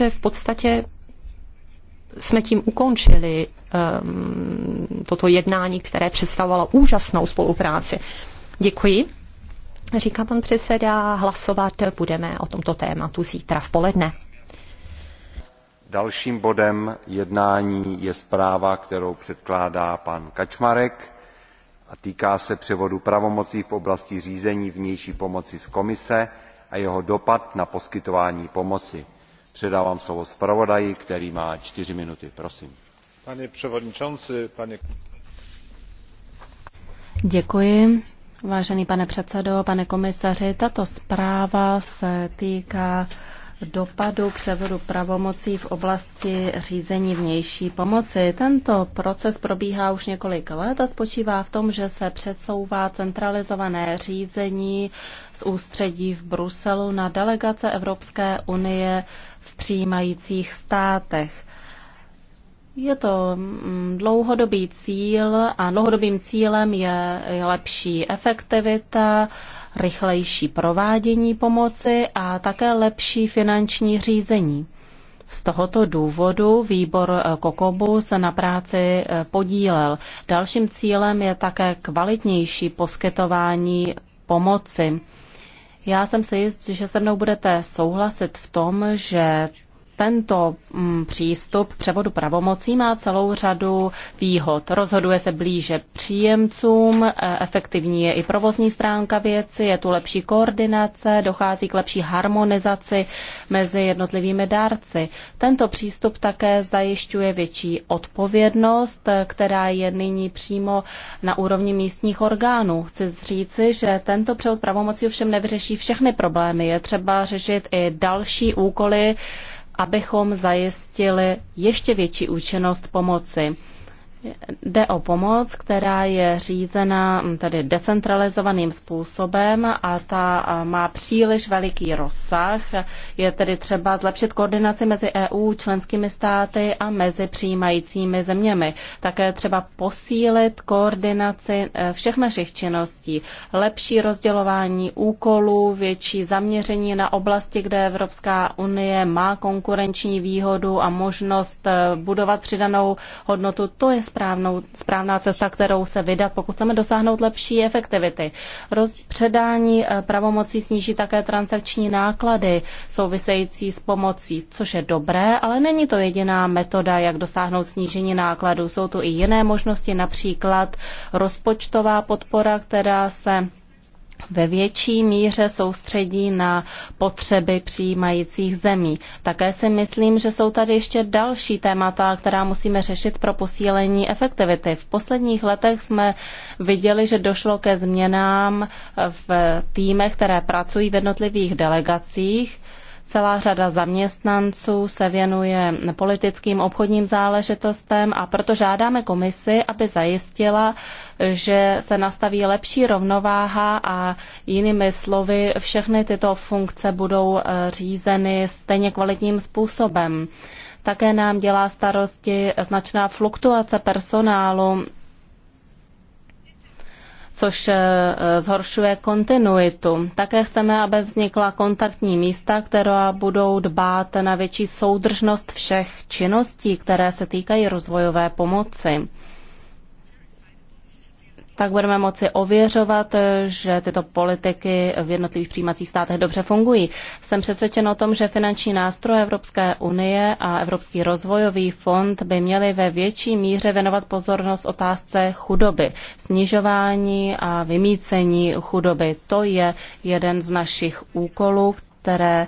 že v podstatě jsme tím ukončili um, toto jednání, které představovalo úžasnou spolupráci. Děkuji. Říká pan předseda, hlasovat budeme o tomto tématu zítra v poledne. Dalším bodem jednání je zpráva, kterou předkládá pan Kačmarek a týká se převodu pravomocí v oblasti řízení vnější pomoci z komise a jeho dopad na poskytování pomoci předávám slovo zpravodaji který má čtyři minuty. prosím. pane předsedající pane... Děkuji. Vážený pane předsedo, pane komisaři, tato zpráva se týká dopadu převodu pravomocí v oblasti řízení vnější pomoci. Tento proces probíhá už několik let a spočívá v tom, že se přesouvá centralizované řízení z ústředí v Bruselu na delegace Evropské unie v přijímajících státech. Je to mm, dlouhodobý cíl a dlouhodobým cílem je lepší efektivita, rychlejší provádění pomoci a také lepší finanční řízení. Z tohoto důvodu výbor eh, Kokobu se na práci eh, podílel. Dalším cílem je také kvalitnější poskytování pomoci. Já jsem si jist, že se mnou budete souhlasit v tom, že tento mm, přístup převodu pravomocí má celou řadu výhod. Rozhoduje se blíže příjemcům, e, efektivní je i provozní stránka věci, je tu lepší koordinace, dochází k lepší harmonizaci mezi jednotlivými dárci. Tento přístup také zajišťuje větší odpovědnost, e, která je nyní přímo na úrovni místních orgánů. Chci říci, že tento převod pravomocí ovšem nevyřeší všechny problémy. Je třeba řešit i další úkoly, abychom zajistili ještě větší účinnost pomoci. Jde o pomoc, která je řízena tedy decentralizovaným způsobem a ta má příliš veliký rozsah. Je tedy třeba zlepšit koordinaci mezi EU, členskými státy a mezi přijímajícími zeměmi. Také třeba posílit koordinaci e, všech našich činností, lepší rozdělování úkolů, větší zaměření na oblasti, kde Evropská unie má konkurenční výhodu a možnost e, budovat přidanou hodnotu. To je správnou, správná cesta, kterou se vydat, pokud chceme dosáhnout lepší efektivity. Roz, předání eh, pravomocí sníží také transakční náklady související s pomocí, což je dobré, ale není to jediná metoda, jak dosáhnout snížení nákladů. Jsou tu i jiné možnosti, například rozpočtová podpora, která se ve větší míře soustředí na potřeby přijímajících zemí. Také si myslím, že jsou tady ještě další témata, která musíme řešit pro posílení efektivity. V posledních letech jsme viděli, že došlo ke změnám v týmech, které pracují v jednotlivých delegacích. Celá řada zaměstnanců se věnuje politickým obchodním záležitostem a proto žádáme komisi, aby zajistila, že se nastaví lepší rovnováha a jinými slovy všechny tyto funkce budou eh, řízeny stejně kvalitním způsobem. Také nám dělá starosti značná fluktuace personálu což eh, zhoršuje kontinuitu. Také chceme, aby vznikla kontaktní místa, která budou dbát na větší soudržnost všech činností, které se týkají rozvojové pomoci tak budeme moci ověřovat, že tyto politiky v jednotlivých přijímacích státech dobře fungují. Jsem přesvědčen o tom, že finanční nástroje Evropské unie a Evropský rozvojový fond by měly ve větší míře věnovat pozornost otázce chudoby, snižování a vymícení chudoby. To je jeden z našich úkolů, které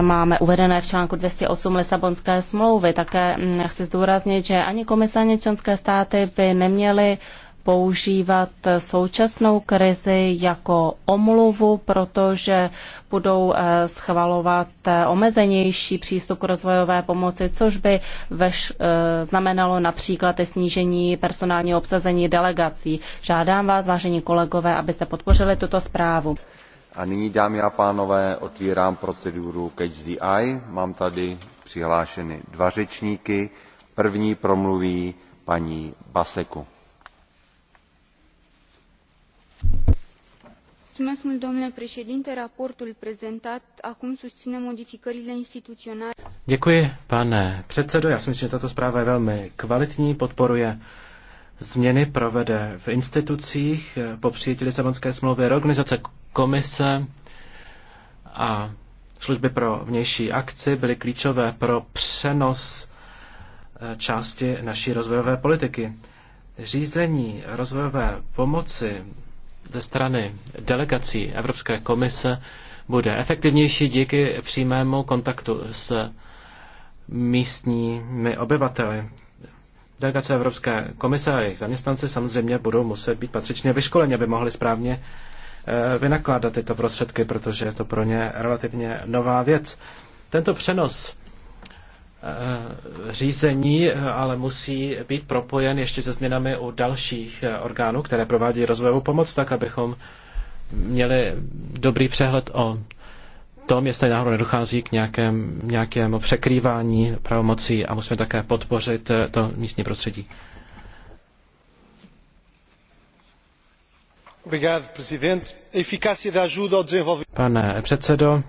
máme uvedené v článku 208 Lisabonské smlouvy. Také mm, chci zdůraznit, že ani komise, ani členské státy by neměly používat současnou krizi jako omluvu, protože budou eh, schvalovat eh, omezenější přístup k rozvojové pomoci, což by veš, eh, znamenalo například i snížení personálního obsazení delegací. Žádám vás, vážení kolegové, abyste podpořili tuto zprávu. A nyní, dámy a pánové, otvírám proceduru Catch the Eye. Mám tady přihlášeny dva řečníky. První promluví paní Baseku. Raportul prezentat acum susține modificările instituționale. Děkuji, pane předsedo. Já si myslím, že tato zpráva je velmi kvalitní, podporuje změny provede v institucích po přijetí Lisabonské smlouvy reorganizace komise a služby pro vnější akci byly klíčové pro přenos eh, části naší rozvojové politiky. Řízení rozvojové pomoci ze strany delegací Evropské komise bude efektivnější díky přímému kontaktu s místními obyvateli. Delegace Evropské komise a jejich zaměstnanci samozřejmě budou muset být patřičně vyškoleni, aby mohli správně Eh, vynakládat tyto prostředky, protože je to pro ně relativně nová věc. Tento přenos eh, řízení eh, ale musí být propojen ještě se změnami u dalších orgánů, které provádí rozvojovou pomoc, tak abychom měli dobrý přehled o tom, jestli náhodou nedochází k nějakém, nějakému překrývání pravomocí a musíme také podpořit to místní prostředí. Pane předsedo,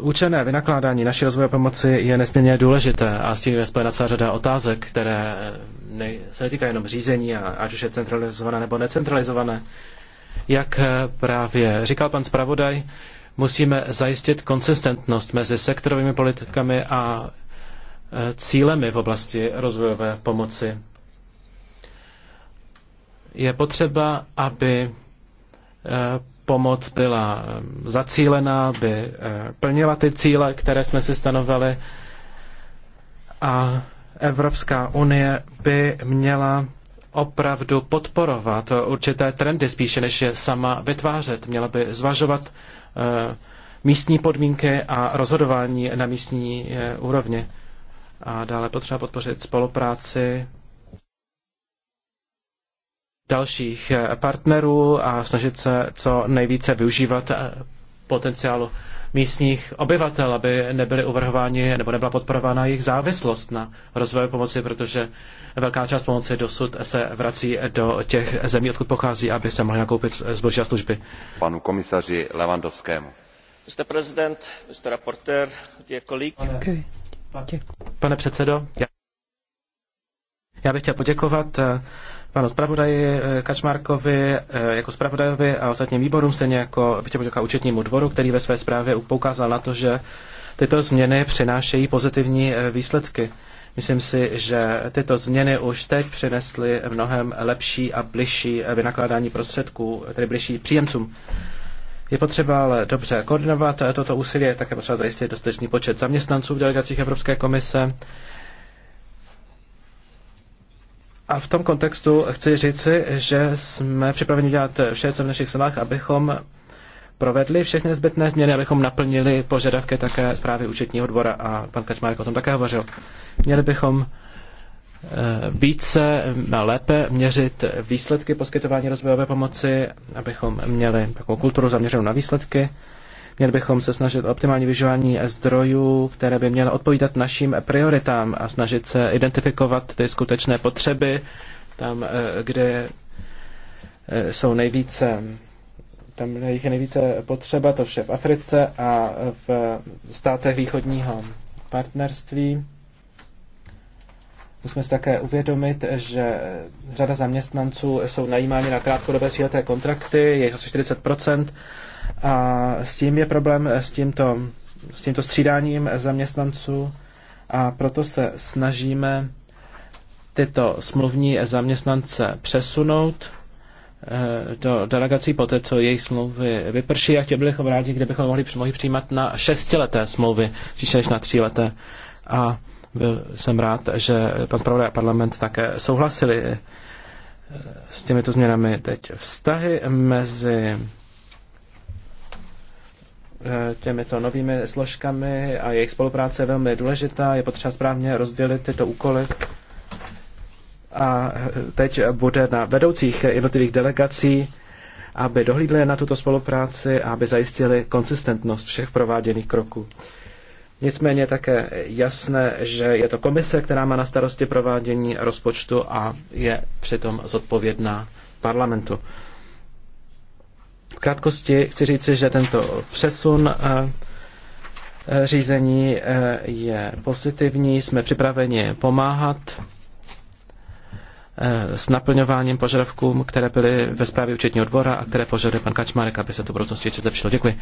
účené vynakládání naší rozvojové pomoci je nesmírně důležité a s tím je spojena celá řada otázek, které se netýká jenom řízení, ať už je centralizované nebo necentralizované. Jak právě říkal pan zpravodaj, musíme zajistit konsistentnost mezi sektorovými politikami a e, cílemi v oblasti rozvojové pomoci je potřeba, aby eh, pomoc byla eh, zacílená, aby eh, plnila ty cíle, které jsme si stanovali a Evropská unie by měla opravdu podporovat určité trendy spíše, než je sama vytvářet. Měla by zvažovat místní podmínky a rozhodování na místní úrovni. A dále potřeba podpořit spolupráci dalších eh, partnerů a snažit se co nejvíce využívat eh, potenciálu místních obyvatel, aby nebyly uvrhováni nebo nebyla podporována jejich závislost na rozvoji pomoci, protože velká část pomoci dosud se vrací do těch zemí, odkud pochází, aby se mohli nakoupit zboží a služby. Panu komisaři Levandovskému. Mr. President, Mr. Reporter, dear colleague. Okay. Pane předsedo, já, já bych chtěl poděkovat eh, panu zpravodaji eh, Kačmarkovi eh, jako zpravodajovi a ostatním výborům, stejně jako bych chtěl poděkovat účetnímu dvoru, který ve své zprávě poukázal na to, že tyto změny přinášejí pozitivní eh, výsledky. Myslím si, že tyto změny už teď přinesly mnohem lepší a bližší vynakládání prostředků, tedy bližší příjemcům. Je potřeba ale dobře koordinovat toto úsilí, je také potřeba zajistit dostatečný počet zaměstnanců v delegacích Evropské komise. A v tom kontextu chci říci, že jsme připraveni dělat vše, co v našich silách, abychom provedli všechny zbytné změny, abychom naplnili požadavky také zprávy účetního dvora a pan Kačmárek o tom také hovořil. Měli bychom eh, více eh, a lépe měřit výsledky poskytování rozvojové pomoci, abychom měli takovou kulturu zaměřenou na výsledky Měli bychom se snažit o optimální využívání zdrojů, které by měly odpovídat našim prioritám a snažit se identifikovat ty skutečné potřeby tam, eh, kde eh, jsou nejvíce tam jich je nejvíce potřeba, to vše v Africe a v státech východního partnerství. Musíme si také uvědomit, že řada zaměstnanců jsou najímáni na krátkodobé tříleté kontrakty, je asi 40 a s tím je problém, s tímto, s tímto střídáním zaměstnanců a proto se snažíme tyto smluvní zaměstnance přesunout eh, do delegací poté, co jejich smlouvy vyprší a chtěli bychom rádi, kdybychom mohli, mohli přijímat na šestileté smlouvy, příště než na tříleté. A byl jsem rád, že pan Pravda a parlament také souhlasili eh, s těmito změnami. Teď vztahy mezi Eh, těmito novými složkami a jejich spolupráce je velmi důležitá. Je potřeba správně rozdělit tyto úkoly. A eh, teď bude na vedoucích jednotlivých delegací, aby dohlídli na tuto spolupráci a aby zajistili konsistentnost všech prováděných kroků. Nicméně také jasné, že je to komise, která má na starosti provádění rozpočtu a je přitom zodpovědná parlamentu. V krátkosti chci říci, že tento přesun eh, řízení eh, je pozitivní, jsme připraveni pomáhat eh, s naplňováním požadavkům, které byly ve zprávě účetního dvora a které požaduje pan Kačmarek, aby se to v budoucnosti ještě zlepšilo. Děkuji.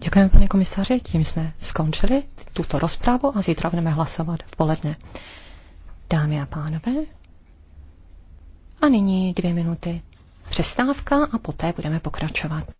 Děkujeme, pane komisaři. Tím jsme skončili tuto rozprávu a zítra budeme hlasovat v poledne. Dámy a pánové, a nyní dvě minuty přestávka a poté budeme pokračovat.